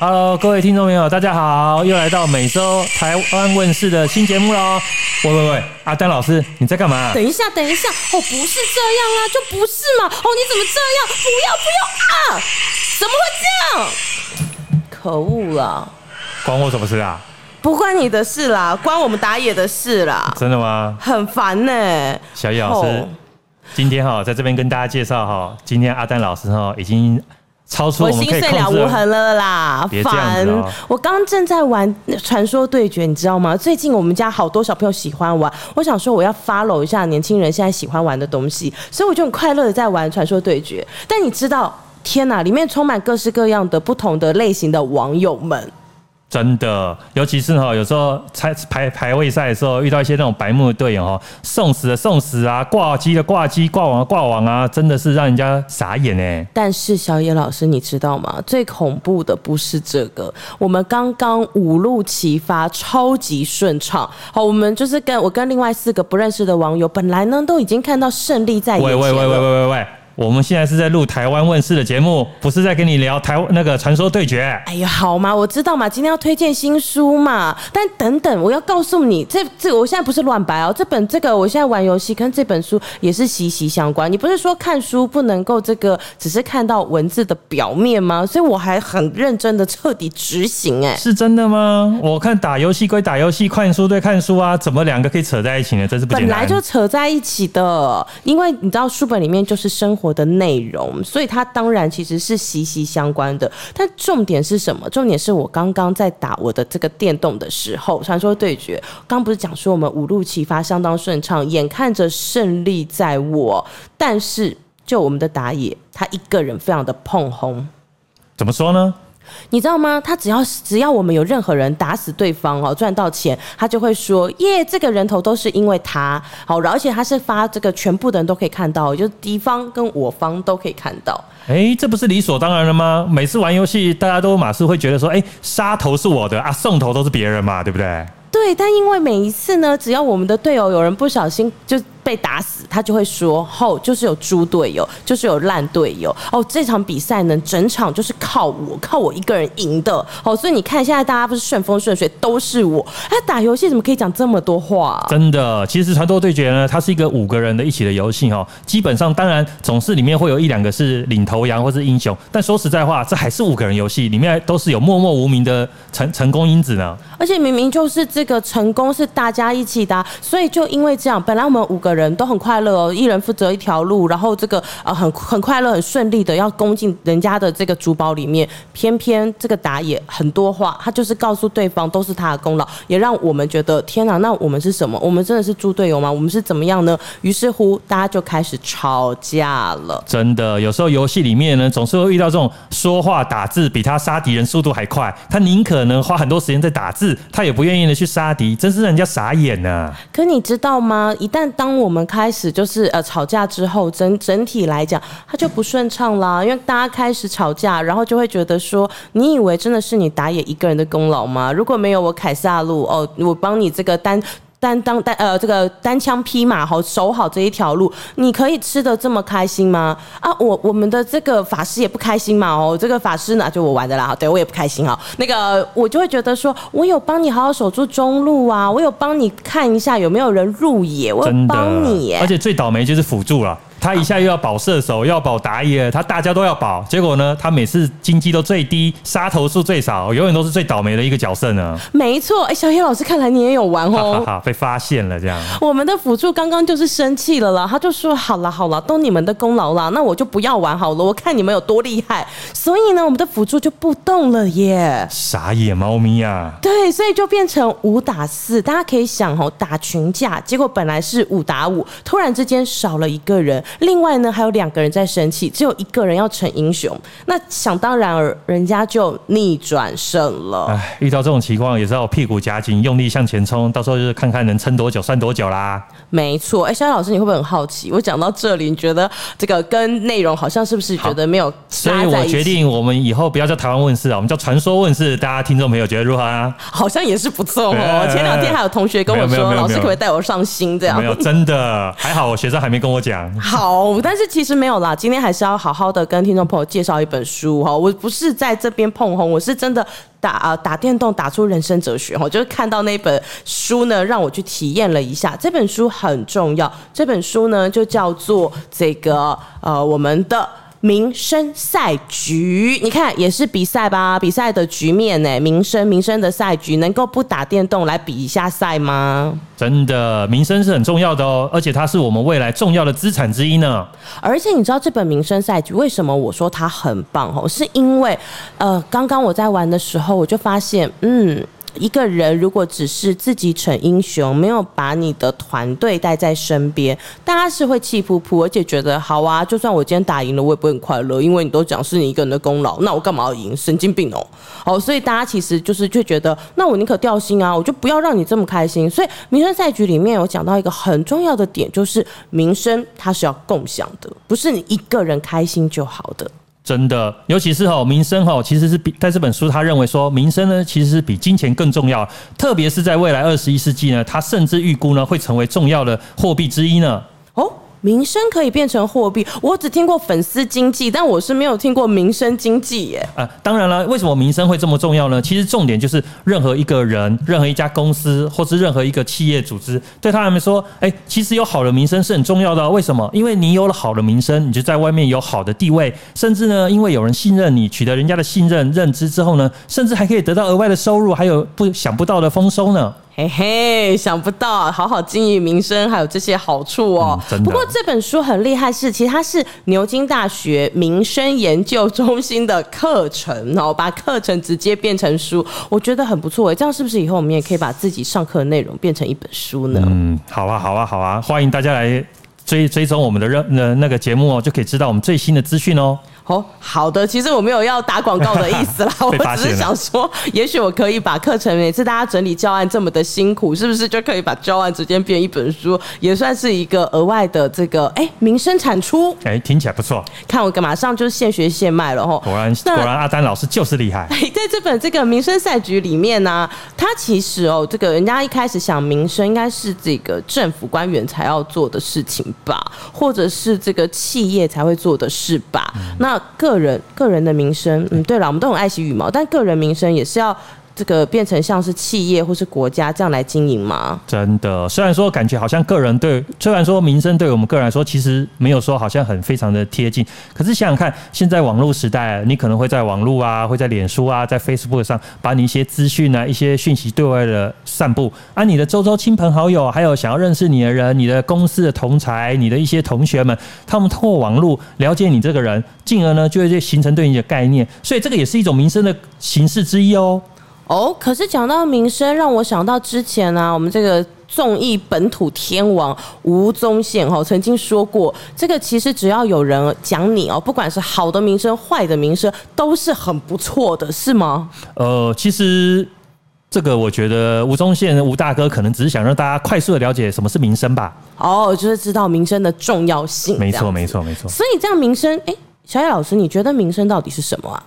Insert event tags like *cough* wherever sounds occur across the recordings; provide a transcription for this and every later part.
Hello，各位聽眾朋友，大家好，又來到每周台灣問世的新節目嘍。喂喂喂，阿丹老師，你在幹嘛、啊？等一下，等一下，哦，不是這樣啊，就不是嘛。哦，你怎麼這樣？不要不要啊！怎麼會這樣？可惡了！關我什麼事啊？不關你的事啦，關我們打野的事啦。真的嗎？很煩呢、欸。小葉老師，oh. 今天哈，在這邊跟大家介紹哈，今天阿丹老師哈，已經。我，我心碎了無痕了啦！煩、哦，我剛正在玩傳說對決，你知道嗎？最近我們家好多小朋友喜歡玩，我想說我要 follow 一下年輕人現在喜歡玩的東西，所以我就很快樂的在玩傳說對決。但你知道，天哪，裡面充滿各式各樣的不同的類型的網友們。真的，尤其是哈，有時候排排排位賽的時候，遇到一些那種白目的隊友哈，送死的送死啊，掛機的掛機，掛網的掛網啊，真的是讓人家傻眼呢、欸。但是小野老師，你知道嗎？最恐怖的不是這個，我們剛剛五路齊發，超級順暢。好，我們就是跟我跟另外四個不認識的網友，本來呢都已經看到勝利在眼前了。喂喂喂喂喂喂。我們現在是在錄《台灣問世》的節目，不是在跟你聊台灣那個傳說對決。哎呀，好嘛，我知道嘛，今天要推薦新書嘛。但等等，我要告訴你，這這，我現在不是亂掰哦。這本這個，我現在玩遊戲跟這本書也是息息相關。你不是說看書不能夠這個，只是看到文字的表面嗎？所以我還很認真的徹底執行哎。是真的嗎？我看打遊戲歸打遊戲，看書對看書啊，怎麼兩個可以扯在一起呢？真是不本來就扯在一起的，因為你知道書本裡面就是生活。我的內容，所以它當然其實是息息相關的。但重點是什麼？重點是我剛剛在打我的這個電動的時候，傳說對決剛不是講說我們五路齊發相當順暢，眼看着勝利在握，但是就我們的打野，他一個人非常的碰紅，怎麼說呢？你知道嗎？他只要只要我們有任何人打死對方哦，賺到錢，他就會說：耶、yeah，這個人頭都是因為他好，而且他是發這個，全部的人都可以看到，就是敵方跟我方都可以看到。誒、欸，這不是理所當然了嗎？每次玩遊戲，大家都馬上會覺得說：誒、欸，殺頭是我的啊，送頭都是別人嘛，對不對？對，但因為每一次呢，只要我們的隊友有人不小心就。被打死，他就會說：哦、oh,，就是有豬隊友，就是有爛隊友。哦、oh,，這場比賽呢，整場就是靠我，靠我一個人贏的。哦、oh,，所以你看，現在大家不是順風順水，都是我。他、啊、打遊戲怎麼可以講這麼多話、啊？真的，其實《傳說對決》呢，它是一個五個人的一起的遊戲哈。基本上，當然總是裡面會有一兩個是領頭羊或是英雄。但說實在話，這還是五個人遊戲，裡面都是有默默無名的成成功因子呢。而且明明就是這個成功是大家一起的、啊，所以就因為這樣，本來我們五個人。人都很快樂哦，一人負責一條路，然後這個呃很很快樂、很順利的要攻進人家的這個主堡裡面。偏偏這個打野很多話，他就是告訴對方都是他的功勞，也讓我們覺得天哪、啊，那我們是什麼？我們真的是豬隊友嗎？我們是怎麼樣呢？於是乎，大家就開始吵架了。真的，有時候遊戲裡面呢，總是會遇到這種說話打字比他殺敵人速度還快，他寧可呢花很多時間在打字，他也不願意呢去殺敵，真是讓人家傻眼呢、啊。可你知道嗎？一旦當我我們開始就是呃吵架之後，整整體來講，他就不順暢啦。因為大家開始吵架，然後就會覺得說，你以為真的是你打野一個人的功勞嗎？如果沒有，我凱撒路哦，我幫你這個單。單當單呃這個單槍匹馬吼守好這一條路，你可以吃得這麼開心嗎？啊，我我們的這個法師也不開心嘛，哦，這個法師呢就我玩的啦，好，對我也不開心哈。那個我就會覺得說，我有幫你好好守住中路啊，我有幫你看一下有沒有人入野，真的我有幫你耶，而且最倒霉就是輔助了、啊。他一下又要保射手，要保打野，他大家都要保，結果呢，他每次經濟都最低，殺頭數最少，永遠都是最倒霉的一個角色呢。沒錯，哎、欸，小野老師，看來你也有玩哦哈哈哈哈，被發現了這樣。我們的輔助剛剛就是生氣了啦，他就說：“好啦好啦，都你們的功勞啦，那我就不要玩好了，我看你們有多厲害。”所以呢，我們的輔助就不動了耶。傻野貓咪呀、啊，對，所以就變成五打四，大家可以想哦、喔，打群架，結果本來是五打五，突然之間少了一個人。另外呢，還有兩個人在生氣，只有一個人要逞英雄。那想當然而，而人家就逆轉勝了。哎，遇到這種情況也是要屁股夾緊，用力向前衝。到時候就是看看能撐多久，算多久啦。沒錯。哎、欸，肖老師你會不會很好奇？我講到這裡，你覺得這個跟內容好像是不是覺得沒有？所以我決定，我們以後不要叫台灣問世了，我們叫傳說問世。大家聽眾朋友覺得如何啊？好像也是不錯哦。欸欸欸，前兩天還有同學跟我說：“老師，可不可以帶我上星？”這樣沒有真的，還好我學生還沒跟我講。好。 *laughs* 好，oh，但是其實沒有啦。今天還是要好好的跟聽眾朋友介紹一本書哈。我不是在這邊碰紅，我是真的打啊打電動打出人生哲學哈。就是看到那本書呢，讓我去體驗了一下。這本書很重要，這本書呢就叫做這個呃我們的。名聲賽局，你看也是比賽吧？比賽的局面呢？名聲名聲的賽局，能夠不打電動來比一下賽嗎？真的，名聲是很重要的哦，而且它是我們未來重要的資產之一呢。而且你知道這本名聲賽局為什麼我說它很棒哦？是因為呃，剛剛我在玩的時候，我就發現嗯。一個人如果只是自己逞英雄，沒有把你的團隊帶在身邊，大家是會氣噗噗，而且覺得好啊，就算我今天打贏了，我也不會很快樂，因為你都講是你一個人的功勞，那我幹嘛要贏？神經病哦！好，所以大家其實就是覺得，那我寧可掉星啊，我就不要讓你這麼開心。所以名聲賽局裡面，我講到一個很重要的點，就是名聲它是要共享的，不是你一個人開心就好的。真的，尤其是吼名聲吼，其實是比在這本書，他認為說名聲呢，其實是比金錢更重要，特別是在未來二十一世紀呢，他甚至預估呢會成為重要的貨幣之一呢。名聲可以變成貨幣，我只聽過粉絲經濟，但我是沒有聽過名聲經濟耶。啊，當然了，為什麼名聲會這麼重要呢？其實重點就是，任何一個人、任何一家公司，或是任何一個企業組織，對他們來說，誒、哎，其實有好的名聲是很重要的。為什麼？因為你有了好的名聲，你就在外面有好的地位，甚至呢，因為有人信任你，取得人家的信任、認知之後呢，甚至還可以得到額外的收入，還有不想不到的豐收呢。嘿嘿，hey, hey, 想不到好好經營名聲還有這些好處哦、喔。嗯、不過這本書很厲害是，是其實它是牛津大學名聲研究中心的課程哦、喔，把課程直接變成書，我覺得很不錯、欸。這樣是不是以後我們也可以把自己上課的內容變成一本書呢？嗯，好啊，好啊，好啊，歡迎大家來。追追蹤我們的任，那那個節目哦、喔，就可以知道我們最新的資訊哦。哦，oh, 好的，其實我沒有要打廣告的意思啦， *laughs* 我只是想說，也許我可以把課程每次大家整理教案這麼的辛苦，是不是就可以把教案直接變一本書，也算是一個額外的這個哎名聲產出？哎、欸，聽起來不錯。看我馬上就現學現賣了哦、喔。果然那果然阿丹老師就是厲害。在這本這個名聲賽局裡面呢、啊，他其實哦、喔，這個人家一開始想名聲應該是這個政府官員才要做的事情。吧，或者是這個企業才會做的事吧。嗯、那個人個人的名聲，嗯，對了，我們都很愛惜羽毛，但個人名聲也是要。這個變成像是企業或是國家這樣來經營嗎？真的，雖然說感覺好像個人對，雖然說名聲對我們個人來說，其實沒有說好像很非常的貼近。可是想想看，現在網絡時代，你可能會在網絡啊，會在臉書啊，在 Facebook 上把你一些資訊啊、一些訊息對外的散布。啊，你的周遭親朋好友，還有想要認識你的人，你的公司的同儕，你的一些同學們，他們通過網絡了解你這個人，進而呢，就會形成對你的概念。所以這個也是一種名聲的形式之一哦。哦，可是講到名聲，讓我想到之前呢、啊，我們這個綜藝本土天王吳宗憲哦，曾經說過，這個其實只要有人講你哦，不管是好的名聲、壞的名聲，都是很不錯的，是嗎？呃，其實這個我覺得吳宗憲吳大哥可能只是想讓大家快速的了解什麼是名聲吧。哦，就是知道名聲的重要性沒。沒錯，沒錯，沒錯。所以這樣名聲，誒、欸，小野老師，你覺得名聲到底是什麼啊？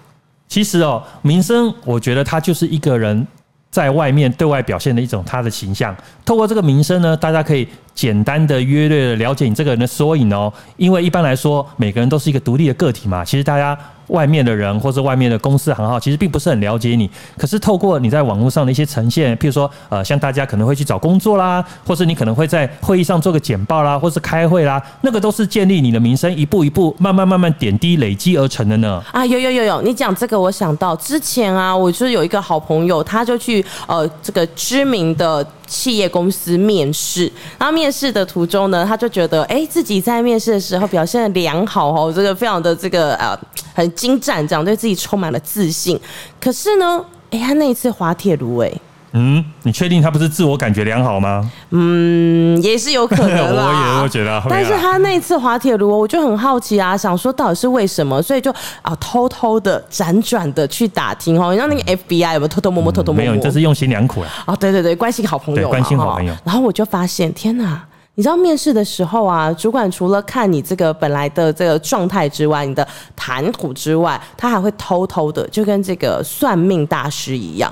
其實哦，名聲，我覺得它就是一個人在外面對外表現的一種他的形象。透過這個名聲呢，大家可以。簡單的約略的了解你這個人的縮影哦、喔，因為一般來說每個人都是一個獨立的個體嘛。其實大家外面的人或者外面的公司行號其實並不是很了解你，可是透過你在網絡上的一些呈現，譬如說呃像大家可能會去找工作啦，或是你可能會在會議上做個簡報啦，或是開會啦，那個都是建立你的名聲，一步一步慢慢慢慢點滴累積而成的呢。啊，有有有有，你講這個我想到之前啊，我就是有一個好朋友，他就去呃這個知名的。企業公司面試，然後面試的途中呢，他就覺得哎、欸，自己在面試的時候表現得良好哦，這個非常的這個啊，很精湛，這樣對自己充滿了自信。可是呢，哎、欸，他那一次滑鐵盧、欸，哎。嗯，你確定他不是自我感覺良好嗎？嗯，也是有可能的 *laughs* 我也我覺得、啊。但是他那次滑鐵盧，我就很好奇啊， *laughs* 想說到底是為什麼，所以就啊偷偷的輾轉的去打聽哦。你知道那個 FBI 有沒有、嗯、偷偷摸摸、偷偷摸摸、嗯、沒有？你這是用心良苦了啊，啊！對對對，關心好朋友、哦，關心好朋友。然後我就發現，天哪！你知道面試的時候啊，主管除了看你這個本來的這個狀態之外，你的談吐之外，他還會偷偷的，就跟這個算命大師一樣。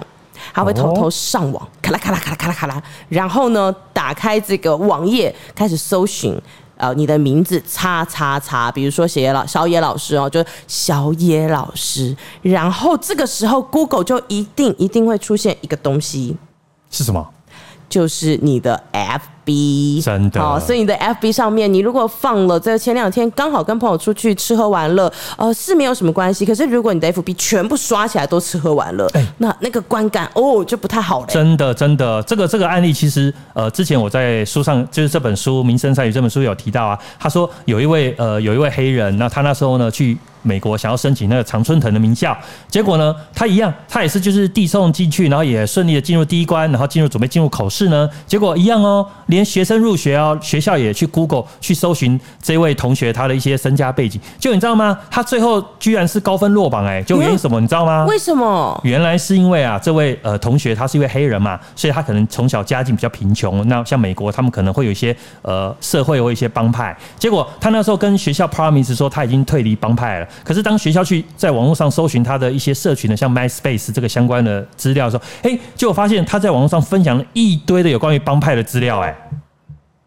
他會偷偷上網，哦、卡拉卡拉卡拉卡拉，然後呢，打開這個網頁，開始搜尋，呃，你的名字，叉叉叉，比如說小野老，小野老師哦，就小野老師，然後這個時候 Google 就一定一定會出現一個東西，是什麼？就是你的 FB 真的，所以你的 FB 上面，你如果放了在前兩天剛好跟朋友出去吃喝玩樂，呃，是沒有什麼關係。可是如果你的 FB 全部刷起來都吃喝玩樂，欸、那那個觀感哦，就不太好了、欸。真的真的，這個這個案例其實呃，之前我在書上就是這本書《名聲上有》這本書有提到啊，他說有一位呃有一位黑人，那他那時候呢去。美國想要申請那個常春藤的名校，結果呢，他一樣，他也是就是遞送進去，然後也順利的進入第一關，然後進入準備進入考試呢，結果一樣哦、喔，連學生入學哦、喔，學校也去 Google 去搜尋這位同學他的一些身家背景。就你知道嗎？他最後居然是高分落榜哎、欸，就原因什麼你知道嗎？為什麼？原來是因為啊，這位呃同學他是一位黑人嘛，所以他可能從小家境比較貧窮。那像美國他們可能會有一些呃社會會有一些幫派，結果他那時候跟學校 promise 說他已經退離幫派了。可是當學校去在網絡上搜尋他的一些社群的，像 MySpace 這個相關的資料的時候，誒、欸，結果發現他在網絡上分享了一堆的有關於幫派的資料、欸，哎，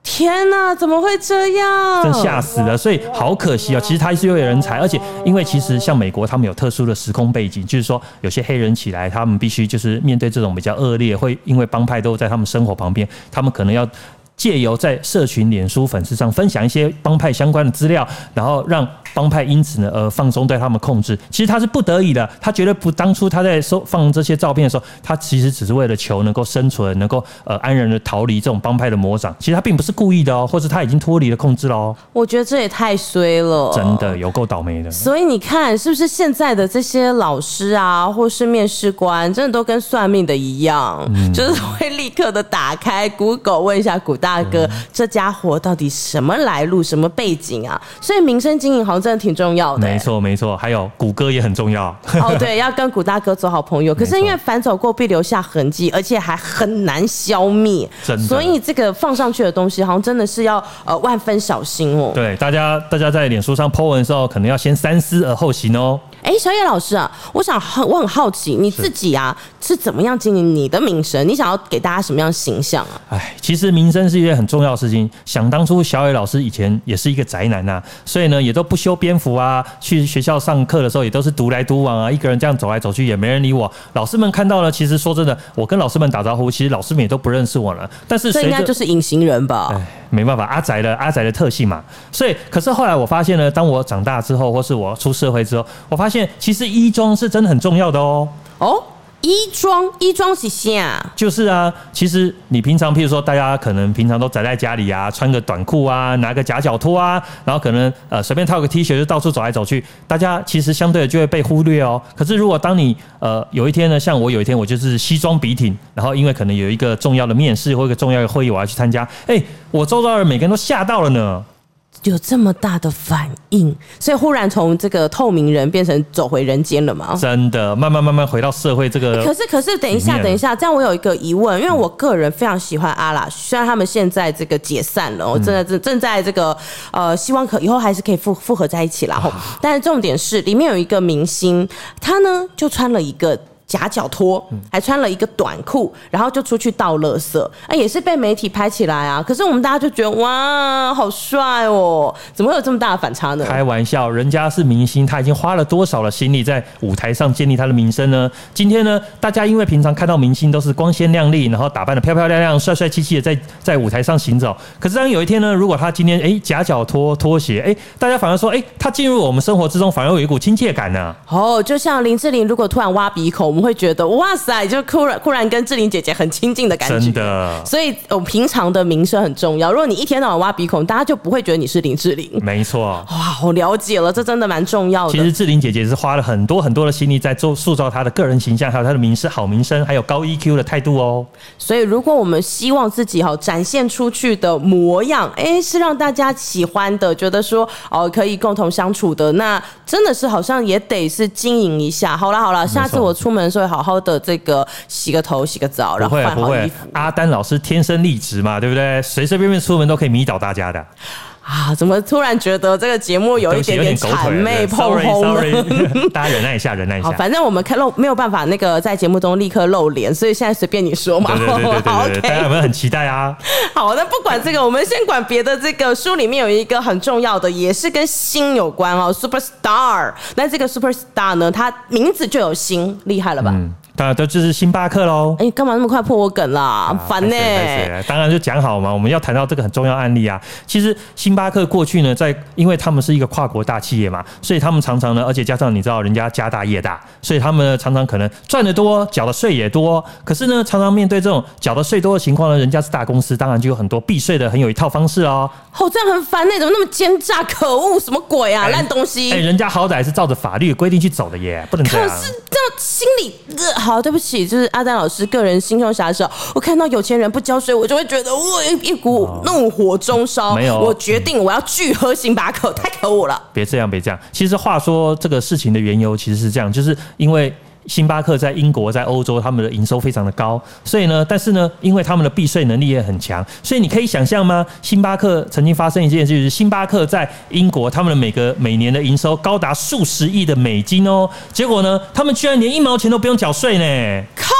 天哪、啊，怎麼會這樣？真嚇死了！所以好可惜啊、喔。其實他是有人才，而且因為其實像美國他們有特殊的時空背景，就是說有些黑人起來，他們必須就是面對這種比較惡劣，會因為幫派都在他們生活旁邊，他們可能要借由在社群、臉書粉絲上分享一些幫派相關的資料，然後讓。幫派因此呢，而、呃、放鬆對他們控制。其實他是不得已的，他覺得不當初他在收放這些照片的時候，他其實只是為了求能夠生存，能夠呃安然的逃離這種幫派的魔掌。其實他並不是故意的哦，或者他已經脫離了控制哦。我覺得這也太衰了，真的有夠倒霉的。所以你看，是不是現在的這些老師啊，或是面試官，真的都跟算命的一樣，嗯、就是會立刻的打開 Google 問一下古大哥，嗯、這家伙到底什麼來路，什麼背景啊？所以名聲經營好像，真的挺重要的，欸沒，沒錯沒錯，還有谷歌也很重要哦。對，要跟谷大哥做好朋友， *laughs* 可是因為凡走過必留下痕跡，而且還很難消滅，的所以這個放上去的東西，好像真的是要呃萬分小心哦，喔。對，大家大家在臉書上 po 文的時候，可能要先三思而後行哦，喔。哎，小野老師啊，我想很我很好奇，你自己啊是，是怎麼樣經營你的名聲？你想要給大家什麼樣的形象啊？哎，其實名聲是一件很重要的事情。想當初，小野老師以前也是一個宅男呐、啊，所以呢也都不修邊幅啊。去學校上課的時候也都是獨來獨往啊，一個人這樣走來走去也沒人理我。老師們看到了，其實說真的，我跟老師們打招呼，其實老師們也都不認識我了。但是，這應該就是隱形人吧？沒辦法，阿宅的阿宅的特性嘛，所以可是後來我發現呢，當我長大之後，或是我出社會之後，我發現其實衣裝是真的很重要的哦哦。.衣裝，衣裝是什麼？就是啊，其實你平常，譬如說大家可能平常都宅在家裡啊，穿個短褲啊，拿個夾腳拖啊，然後可能呃隨便套個 T 恤就到處走來走去，大家其實相對的就會被忽略哦。可是如果當你呃有一天呢，像我有一天我就是西裝筆挺，然後因為可能有一個重要的面試或一個重要的會議我要去參加，哎、欸，我周遭人每個人都嚇到了呢。有這麼大的反應，所以忽然從這個透明人變成走回人間了嘛？真的，慢慢慢慢回到社會這個。可是可是，等一下等一下，這樣我有一個疑問，因為我個人非常喜歡阿拉，雖然他們現在這個解散了，我正在正、嗯、正在這個呃，希望可以後還是可以復復合在一起啦。啊、但是重點是，裡面有一個明星，他呢就穿了一個。夾腳拖，還穿了一個短褲，然後就出去倒垃圾，哎、欸，也是被媒體拍起來啊。可是我們大家就覺得哇，好帥哦，怎麼會有這麼大的反差呢？開玩笑，人家是明星，他已經花了多少的心力在舞台上建立他的名聲呢？今天呢，大家因為平常看到明星都是光鮮亮麗，然後打扮得漂漂亮亮、帥帥氣氣的在，在在舞台上行走。可是當有一天呢，如果他今天哎夾腳拖拖鞋，哎、欸，大家反而說哎、欸，他進入我們生活之中，反而有，有一股親切感呢、啊。哦，oh, 就像林志玲，如果突然挖鼻孔。會覺得哇塞，就突然突然跟志玲姐姐很親近的感覺，真的。所以，我們、哦、平常的名聲很重要。如果你一天到晚挖鼻孔，大家就不會覺得你是林志玲。沒錯，哇，我了解了，這真的蠻重要的。其實，志玲姐姐是花了很多很多的心力在做塑造她的個人形象，還有她的名聲、好名聲，還有高 EQ 的態度哦。所以，如果我們希望自己哈、哦、展現出去的模樣，哎、欸，是讓大家喜歡的，覺得說哦可以共同相處的，那真的是好像也得是經營一下。好了好了，下次我出門。所以好好的這個洗個頭、洗個澡，然後換好衣服。不會不會，阿丹老師天生麗質嘛，對不對？隨隨便便出門都可以迷倒大家的。啊，怎麼突然覺得這個節目有一點點諂媚捧紅，大家忍耐一下，忍耐一下。好，反正我們開露沒有辦法，那個在節目中立刻露臉，所以現在隨便你說嘛。對對對對對，好 ok，大家有沒有很期待啊？好，那不管這個，我們先管別的。這個書裡面有一個很重要的， *laughs* 也是跟星有關哦，super star。那這個 super star 呢，它名字就有星，厲害了吧？嗯當然，都就是星巴克嘍。哎、欸，幹嘛那麼快破我梗啦？煩呢、啊欸。當然就講好嘛。我們要談到這個很重要案例啊。其實星巴克過去呢，在因為他們是一個跨國大企業嘛，所以他們常常呢，而且加上你知道，人家家大業大，所以他們常常可能賺得多，繳的稅也多。可是呢，常常面對這種繳的稅多的情況呢，人家是大公司，當然就有很多避稅的很有一套方式哦、喔。哦，這樣很煩呢、欸，怎麼那麼奸詐？可惡，什麼鬼啊？爛、欸、東西！哎、欸，人家好歹是照着法律規定去走的耶，不能這樣。看是這心裡。呃好，對不起，就是阿丹老師個人心胸狹小。我看到有錢人不交稅，我就會覺得我一股怒火中燒。哦、沒有，我決定我要去喝星巴克，嗯、太可惡了。別這樣，別這樣。其實話說這個事情的緣由其實是這樣，就是因為。星巴克在英國，在歐洲，他們的營收非常的高，所以呢，但是呢，因為他們的避稅能力也很強，所以你可以想象嗎？星巴克曾經發生一件事，就是星巴克在英國，他們的每個每年的營收高達數十億的美金哦，結果呢，他們居然連一毛錢都不用繳稅呢！靠，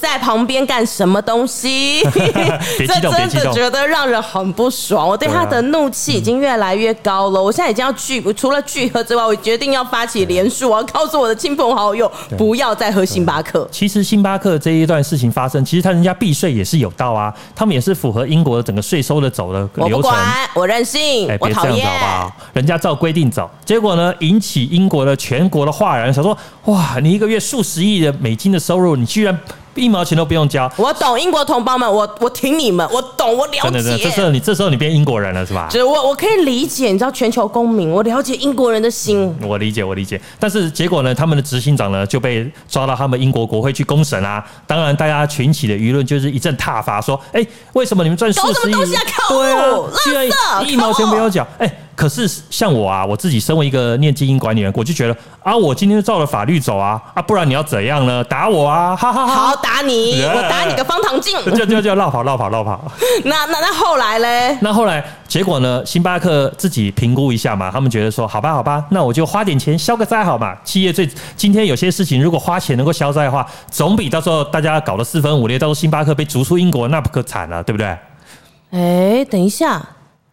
在旁邊幹什麼東西？ *laughs* 別激動，這真的覺得讓人很不爽，我對他的怒氣已經越來越高了，啊嗯，我現在已經要聚，除了聚合之外，我決定要發起聯署，啊，我要告訴我的親朋好友。對不要再喝星巴克。其實星巴克這一段事情發生，其實他人家避稅也是有道啊，他們也是符合英國的整個稅收的走的流程。我不管，我任性，誒，別這樣好不好？人家照規定走，結果呢，引起英國的全國的譁然，想說：哇，你一個月數十億的美金的收入，你居然。一毛錢都不用交，我懂英國同胞們，我我挺你們，我懂，我了解。對對對，這時候你這時候你變英國人了是吧？就是我我可以理解，你知道全球公民，我了解英國人的心。嗯、我理解，我理解，但是結果呢？他們的執行長呢就被抓到他們英國國會去公審啊！當然，大家群起的輿論就是一陣撻伐，說：哎、欸，為什麼你們賺數十億在搞、啊、路？對、啊，居然一毛錢不用繳！哎路。欸可是像我啊，我自己身為一個念經營管理人員，我就覺得啊，我今天就照了法律走啊啊，不然你要怎樣呢？打我啊！哈哈哈,哈！好打你，欸、我打你個方唐鏡，就就就落跑落跑落跑。落跑落跑 *laughs* 那那那後來嘞？那後來結果呢？星巴克自己評估一下嘛，他們覺得說，好吧好吧，那我就花點錢消個災好嘛。企業最今天有些事情，如果花錢能夠消災的話，總比到時候大家搞得四分五裂，到時候星巴克被逐出英國，那不可慘了、啊，對不對？哎、欸，等一下。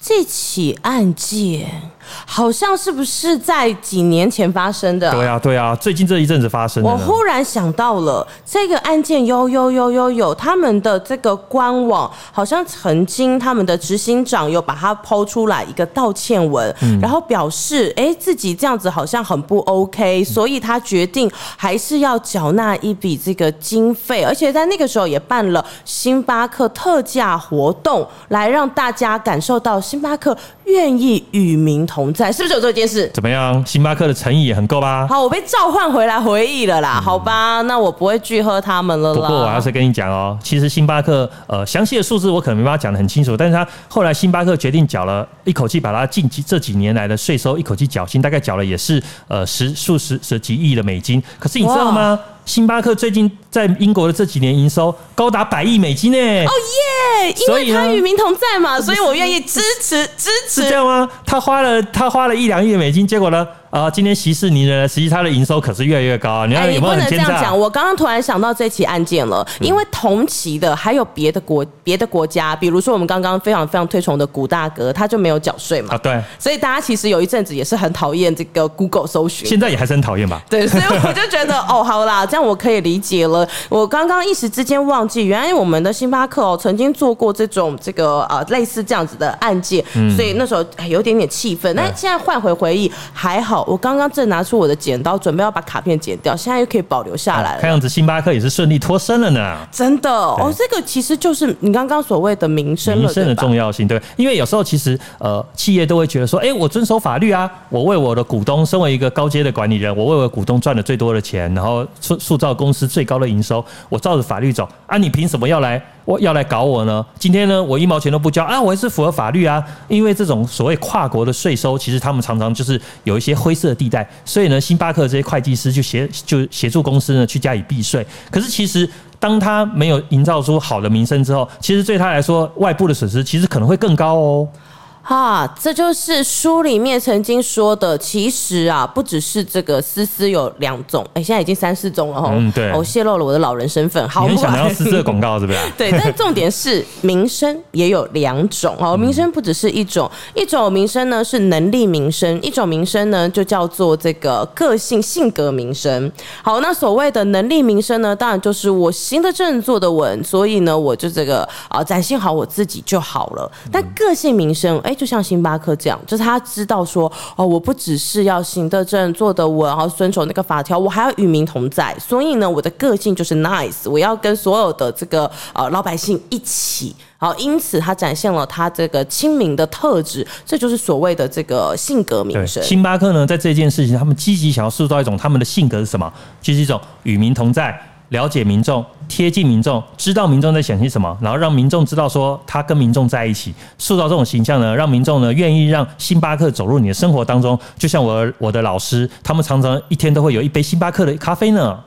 這起案件。好像是不是在幾年前發生的，啊？對啊，對啊，最近這一陣子發生的。我忽然想到了這個案件，有有有有有，他們的這個官網好像曾經他們的執行長有把它拋出來一個道歉文，嗯、然後表示哎、欸、自己這樣子好像很不 OK，所以他決定還是要繳納一筆這個經費，嗯、而且在那個時候也辦了星巴克特價活動，來讓大家感受到星巴克。願意與民同在，是不是有這件事？怎麼樣？星巴克的誠意也很夠吧？好，我被召喚回來回憶了啦，嗯、好吧，那我不會拒喝他們了啦不。不過我要是跟你講哦，其實星巴克，呃，詳細的數字我可能沒辦法講得很清楚，但是他後來星巴克決定繳了一口氣，把它近幾這幾年來的稅收一口氣繳清，大概繳了也是呃十數十十幾億的美金。可是你知道嗎？星巴克最近在英國的這幾年營收高達百億美金呢！哦耶，oh yeah, 因為他與民同在嘛，所以，所以我願意支持支持。是這樣嗎？他花了他花了一兩億美金，結果呢？啊，今天迪士尼的，實際它的營收可是越來越高啊！你看，哎，你不能這樣講。嗯、我剛剛突然想到這起案件了，因為同期的還有別的國別的國家，比如說我們剛剛非常非常推崇的谷大哥，他就沒有繳稅嘛。啊，對。所以大家其實有一陣子也是很討厭這個 Google 搜尋，現在也還是很討厭吧？對，所以我就覺得， *laughs* 哦，好啦，這樣我可以理解了。我剛剛一時之間忘記，原來我們的星巴克哦，曾經做過這種這個呃類似這樣子的案件，嗯、所以那時候有點點氣憤。那唉現在換回回憶，還好。我剛剛正拿出我的剪刀，準備要把卡片剪掉，現在又可以保留下來了。啊、看樣子星巴克也是順利脫身了呢。真的，對哦，這個其實就是你剛剛所謂的名聲，名聲的重要性。對,吧對，因為有時候其實呃，企業都會覺得說，誒，我遵守法律啊，我為我的股東，身為一個高階的管理人，我為我的股東賺了最多的錢，然後塑塑造公司最高的營收，我照着法律走啊，你憑什麼要來？我要來搞我呢？今天呢，我一毛錢都不交啊！我也是符合法律啊。因為這種所謂跨國的稅收，其實他們常常就是有一些灰色地帶，所以呢，星巴克這些會計師就協就協助公司呢去加以避稅。可是其實，當他沒有營造出好的名聲之後，其實對他來說，外部的損失其實可能會更高哦。啊，這就是書裡面曾經說的。其實啊，不只是這個斯斯有兩種，哎，現在已經三四種了哈。嗯，對。我、哦、泄露了我的老人身份，好不？你想要斯斯的廣告是不是、啊嗯？對，但重點是 *laughs* 名聲也有兩種哦，名聲不只是一種，一種名聲呢是能力名聲，一種名聲呢就叫做這個個性性格名聲。好，那所謂的能力名聲呢，當然就是我行得正坐得穩，所以呢我就這個啊、呃、展現好我自己就好了。但個性名聲，哎、嗯。就像星巴克這樣，就是他知道說，哦，我不只是要行得正、坐得穩，然後遵守那個法條，我還要與民同在。所以呢，我的個性就是 nice，我要跟所有的這個呃老百姓一起。好，因此他展現了他這個親民的特質，這就是所謂的這個性格名聲。星巴克呢，在這件事情，他們積極想要塑造一種他們的性格是什麼？就是一種與民同在。了解民眾，貼近民眾，知道民眾在想些什麼，然後讓民眾知道說他跟民眾在一起，塑造這種形象呢，讓民眾呢願意讓星巴克走入你的生活當中。就像我我的老師，他們常常一天都會有一杯星巴克的咖啡呢。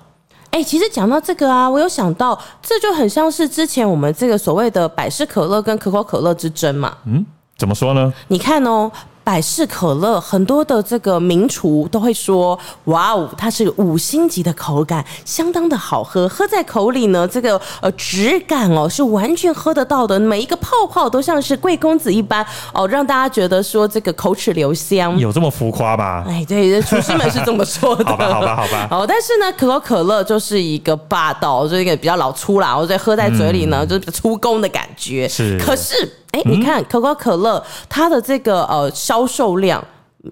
誒、欸，其實講到這個啊，我有想到，這就很像是之前我們這個所謂的百事可樂跟可口可樂之爭嘛。嗯，怎麼說呢？你看哦。百事可樂，很多的這個名廚都會說：“哇哦，它是五星級的口感，相當的好喝。喝在口裡呢，這個呃質感哦，是完全喝得到的。每一個泡泡都像是貴公子一般哦，讓大家覺得說這個口齒留香。有這麼浮誇吧？哎，對，廚師們是這麼說的。 *laughs* 好吧，好吧，好吧。哦，但是呢，可口可樂就是一個霸道，就是一個比較老粗啦。我覺得喝在嘴裡呢，嗯、就是出工的感覺。是，可是。哎、欸，你看，嗯，可口可樂它的這個，呃，銷售量。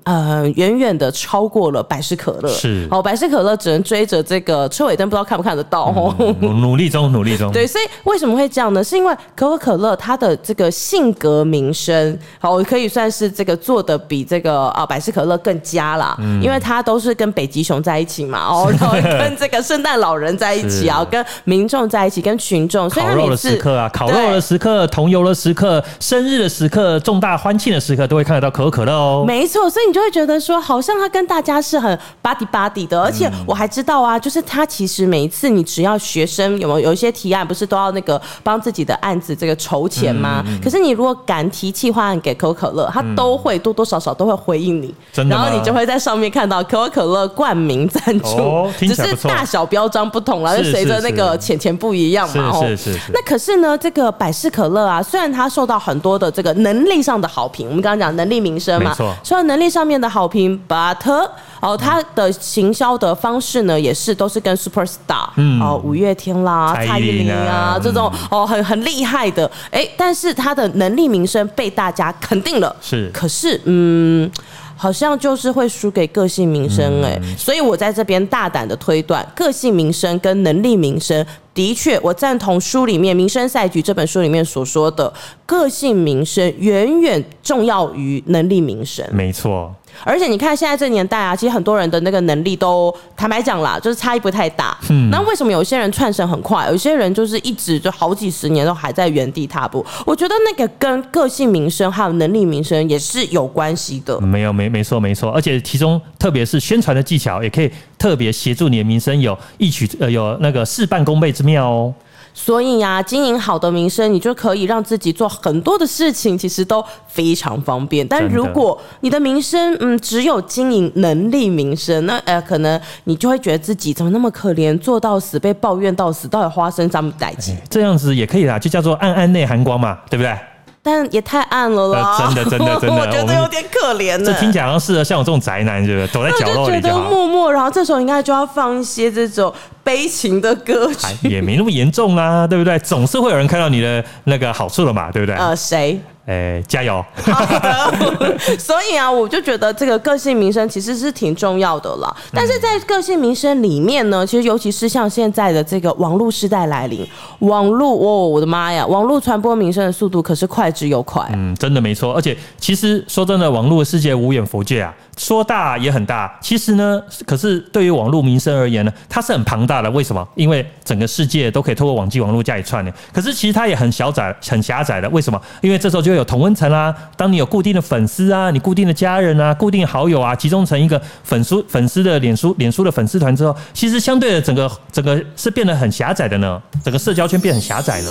呃，遠遠的超過了百事可樂，是好、哦，百事可樂只能追着這個車尾燈，不知道看不看得到齁，哦、嗯，努力中，努力中。對，所以為什麼會這樣呢？是因為可口可樂它的這個性格名聲，好，可以算是這個做的比這個啊、哦、百事可樂更佳啦嗯，因為它都是跟北極熊在一起嘛，哦，然後跟這個聖誕老人在一起啊是、哦，跟民眾在一起，跟群眾，所以每次啊烤肉的時刻、對同遊的時刻、生日的時刻、重大歡慶的時刻，都會看得到可口可樂哦，沒錯。所以你就會覺得說，好像他跟大家是很 buddy buddy 的，而且我還知道啊，就是他其實每一次你只要學生有沒有，有一些提案，不是都要那個幫自己的案子這個籌錢嗎？可是你如果敢提企劃案給可口可樂，他都會多多少少都會回應你，然後你就會在上面看到可口可樂冠名贊助，只是大小標章不同了，就隨着那個錢錢不一樣嘛？是是是。那可是呢，這個百事可樂啊，雖然它受到很多的這個能力上的好評，我們剛剛講能力名聲嘛，所以能力。上面的好評，butter 哦，他的行銷的方式呢，也是都是跟 Super Star、嗯、哦，五月天啦、蔡依林啊這種哦，很很厲害的，誒、欸。但是他的能力名聲被大家肯定了，是，可是嗯，好像就是會輸給個性名聲、欸，誒、嗯。所以我在這邊大膽的推斷，個性名聲跟能力名聲。的確，我贊同書裡面《名聲賽局》這本書裡面所說的，個性名聲遠遠重要於能力名聲。沒錯錯，而且你看現在這年代啊，其實很多人的那個能力都坦白講啦，就是差異不太大。嗯，那為什麼有些人竄升很快，有些人就是一直就好幾十年都還在原地踏步？我覺得那個跟個性名聲還有能力名聲也是有關係的。沒有，沒沒錯，沒錯，而且其中特別是宣傳的技巧，也可以特別協助你的名聲有異曲呃，有那個事半功倍之妙哦，所以呀、啊，經營好的名聲，你就可以讓自己做很多的事情，其實都非常方便。但如果你的名聲的嗯，只有經營能力名聲，那呃，可能你就會覺得自己怎麼那麼可憐，做到死，被抱怨到死，到底花生髒不乾淨？這樣子也可以啦，就叫做暗暗內含光嘛，對不對？但也太暗了啦、呃，真的真的真的，真的我覺得有點可憐。這聽起來好像適合像我這種宅男，對不對？躲在角落裡，默默。然後這時候應該就要放一些這種。悲情的歌曲也沒那麼嚴重啊，對不對？總是會有人看到你的那個好處了嘛，對不對？呃，誰？哎、欸，加油！Oh, no. *laughs* 所以啊，我就覺得這個個性名聲其實是挺重要的啦。嗯、但是在個性名聲裡面呢，其實尤其是像現在的這個網絡時代來臨，網絡哦，我的媽呀，網絡傳播名聲的速度可是快之又快、啊。嗯，真的沒錯。而且其實說真的，網絡世界無遠弗屆啊。說大也很大，其實呢，可是對於網絡民生而言呢，它是很龐大的。為什麼？因為整個世界都可以透過網際網絡加一串呢。可是其實它也很小窄，很狹窄的。為什麼？因為這時候就有同溫層啦、啊。當你有固定的粉絲啊，你固定的家人啊，固定的好友啊，集中成一個粉絲、粉絲的臉書、臉書的粉絲團之後，其實相對的整個整個是變得很狹窄的呢。整個社交圈變很狹窄了。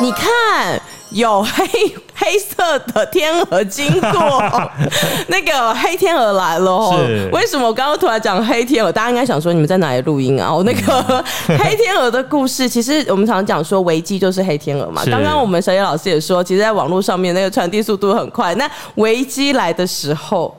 你看。有黑黑色的天鵝經過， *laughs* 那個黑天鵝來了哦。是為什麼我剛剛突然講黑天鵝？大家應該想說你們在哪裡錄音啊？哦，那個黑天鵝的故事， *laughs* 其實我們常講說危機就是黑天鵝嘛。剛剛是我們小野老師也說，其實在網絡上面那個傳遞速度很快。那危機來的時候。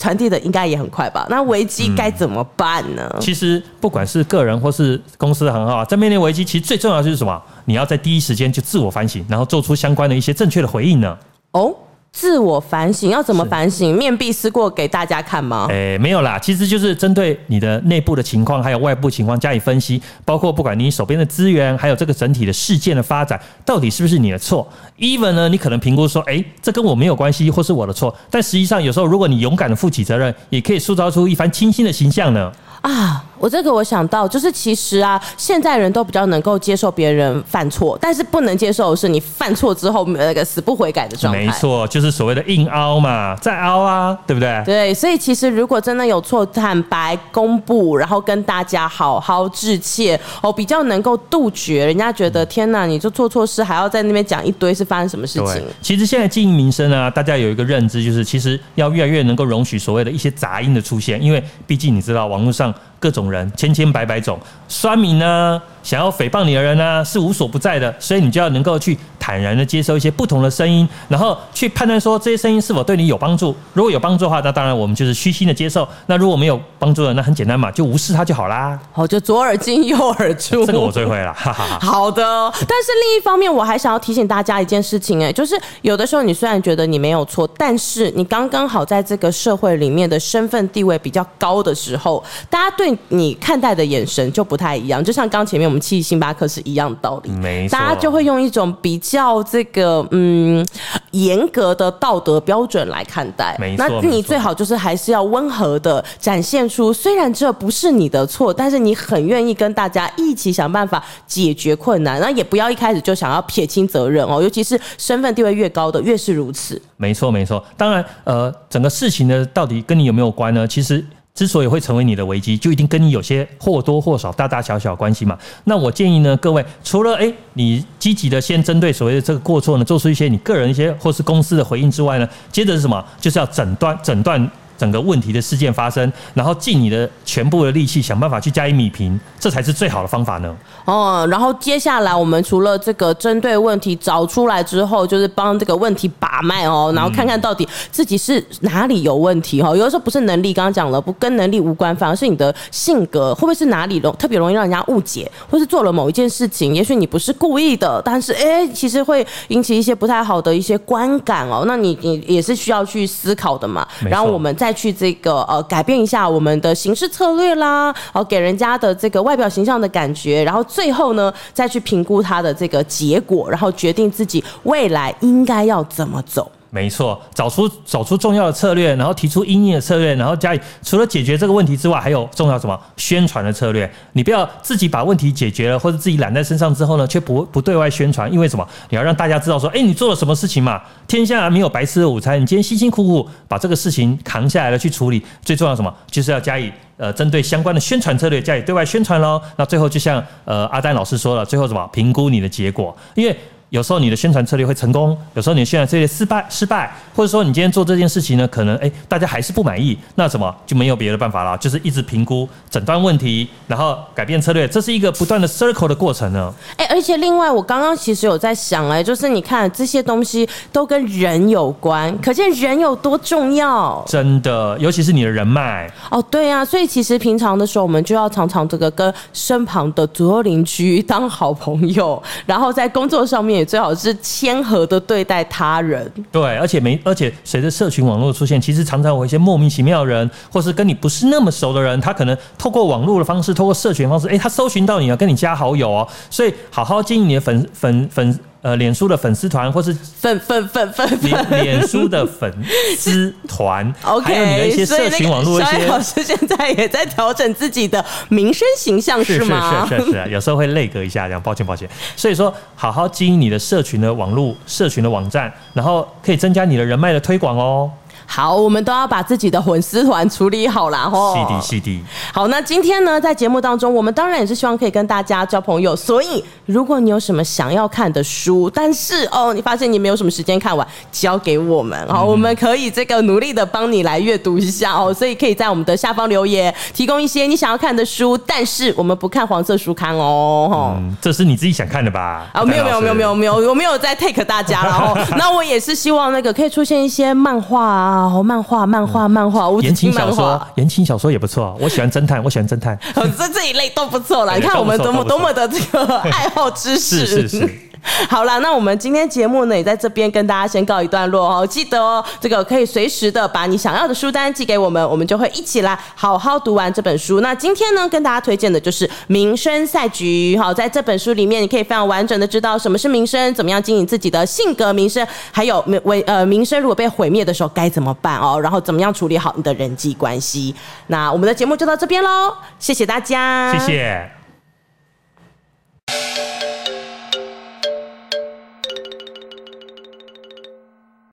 傳遞的應該也很快吧？那危機該怎麼辦呢？嗯，其實不管是個人或是公司，很好啊，在面臨危機，其實最重要就是什麼？你要在第一時間就自我反省，然後做出相關的一些正確的回應呢？哦。Oh? 自我反省要怎麼反省？是面壁思過給大家看嗎？誒、欸，沒有啦，其實就是針對你的內部的情況，還有外部情況加以分析，包括不管你手邊的資源，還有這個整體的事件的發展，到底是不是你的錯？Even 呢，你可能評估說，誒、欸，這跟我沒有關係，或是我的錯。但實際上，有時候如果你勇敢的負起責任，也可以塑造出一番清新的形象呢。啊。我這個我想到就是，其實啊，現在人都比較能夠接受別人犯錯，但是不能接受的是你犯錯之後那個死不悔改的狀態。沒錯，就是所謂的硬凹嘛，再凹啊，對不對？對，所以其實如果真的有錯，坦白公布，然後跟大家好好致歉哦，比較能夠杜絕人家覺得天哪，你就做錯事還要在那邊講一堆是發生什麼事情。對，其實現在經營名聲啊，大家有一個認知就是，其實要越來越能夠容許所謂的一些雜音的出現，因為畢竟你知道網絡上。各種人，千千百百種，酸民呢，想要誹謗你的人呢、啊，是無所不在的，所以你就要能夠去坦然的接受一些不同的聲音，然後去判斷說這些聲音是否對你有幫助。如果有幫助的話，那當然我們就是虛心的接受；那如果沒有幫助的，那很簡單嘛，就無視他就好啦。好，就左耳進右耳出。 *laughs* 這個我最會了，哈哈哈。好的，但是另一方面，我還想要提醒大家一件事情、欸，哎，就是有的時候你雖然覺得你沒有錯，但是你剛剛好在這個社會裡面的身份地位比較高的時候，大家對你看待的眼神就不太一樣。就像剛前面。我們去星巴克是一樣的道理，沒錯錯。大家就會用一種比較這個嗯嚴格的道德標準來看待。沒錯錯，那你最好就是還是要溫和的展現出，雖然這不是你的錯，但是你很願意跟大家一起想辦法解決困難。那也不要一開始就想要撇清責任哦，尤其是身份地位越高的越是如此。沒錯，沒錯。當然，呃，整個事情呢，到底跟你有沒有關呢？其實。之所以會成為你的危機，就一定跟你有些或多或少、大大小小關係嘛。那我建議呢，各位除了誒，你積極的先針對所謂的這個過錯呢，做出一些你個人一些或是公司的回應之外呢，接着是什麼？就是要診斷、診斷。整個問題的事件發生，然後盡你的全部的力氣想辦法去加以弭平，這才是最好的方法呢。哦、嗯，然後接下來我們除了這個針對問題找出來之後，就是幫這個問題把脈哦，然後看看到底自己是哪裡有問題哦。有的時候不是能力，剛剛講了不跟能力無關，反而是你的性格會不會是哪裡容特別容易讓人家誤解，或是做了某一件事情，也許你不是故意的，但是哎，其實會引起一些不太好的一些觀感哦。那你你也是需要去思考的嘛。然後我們再。再去這個呃改變一下我們的行事策略啦，然後給人家的這個外表形象的感覺，然後最後呢，再去評估他的這個結果，然後決定自己未來應該要怎麼走。沒錯，找出找出重要的策略，然後提出因應的策略，然後加以除了解決這個問題之外，還有重要什麼宣傳的策略。你不要自己把問題解決了，或者自己攬在身上之後呢，卻不不對外宣傳。因為什麼？你要讓大家知道說，誒，你做了什麼事情嘛？天下沒有白吃的午餐，你今天辛辛苦苦把這個事情扛下來了去處理，最重要什麼？就是要加以呃針對相關的宣傳策略加以對外宣傳嘍。那最後就像呃阿丹老師說了，最後什麼？評估你的結果。因為。有時候你的宣傳策略會成功，有時候你宣傳策略失敗失敗，或者說你今天做這件事情呢，可能哎、欸、大家還是不滿意，那什麼就沒有別的辦法了，就是一直評估、診斷問題，然後改變策略，這是一個不斷的 circle 的過程呢。哎、欸，而且另外我剛剛其實有在想哎、欸，就是你看這些東西都跟人有關，可見人有多重要。真的，尤其是你的人脈。哦，對啊，所以其實平常的時候我們就要常常這個跟身旁的左右鄰居當好朋友，然後在工作上面，也最好是謙和的對待他人，對，而且沒，而且隨着社群網絡出現，其實常常有一些莫名其妙的人，或是跟你不是那麼熟的人，他可能透過網絡的方式，透過社群的方式，哎、欸，他搜尋到你要跟你加好友哦，所以好好經營你的粉粉粉。粉呃，臉書的粉絲團或是粉粉粉粉臉臉書的粉絲團， *laughs* 還有你的一些社群網絡一些，所以老師現在也在調整自己的名聲形象，是嗎？是是，是是是，有時候會 Lag 一下這樣，樣，抱歉抱歉。所以說，好好經營你的社群的網絡社群的網站，然後可以增加你的人脈的推廣哦。好，我們都要把自己的粉絲團處理好了吼。CD CD。好，那今天呢，在節目當中，我們當然也是希望可以跟大家交朋友，所以如果你有什麼想要看的書，但是哦，你發現你沒有什麼時間看完，交給我們，好，嗯、我們可以這個努力的幫你來閱讀一下哦。所以可以在我們的下方留言，提供一些你想要看的書，但是我們不看黃色書刊哦。這是你自己想看的吧？啊、呃，沒有沒有沒有沒有沒有，沒有，我沒有在 take 大家了哦。 *laughs* 那我也是希望那個可以出現一些漫畫啊。啊！漫畫、漫畫、漫畫、嗯，言情小說，畫言情小說也不錯。我喜歡偵探， *laughs* 我喜歡偵探，這 *laughs* 這一類都不錯了。你對看我們多麼多麼的這個 *laughs* 愛好知識， *laughs* 是是是 *laughs* 好了，那我們今天節目呢也在這邊跟大家先告一段落哦。記得哦，這個可以隨時的把你想要的書單寄給我們，我們就會一起來好好讀完這本書。那今天呢，跟大家推薦的就是《名聲賽局》。好，在這本書裡面，你可以非常完整的知道什麼是名聲，怎麼樣經營自己的性格名聲，還有為呃名聲如果被毀滅的時候該怎麼辦哦。然後怎麼樣處理好你的人際關係？那我們的節目就到這邊嘍，謝謝大家，謝謝。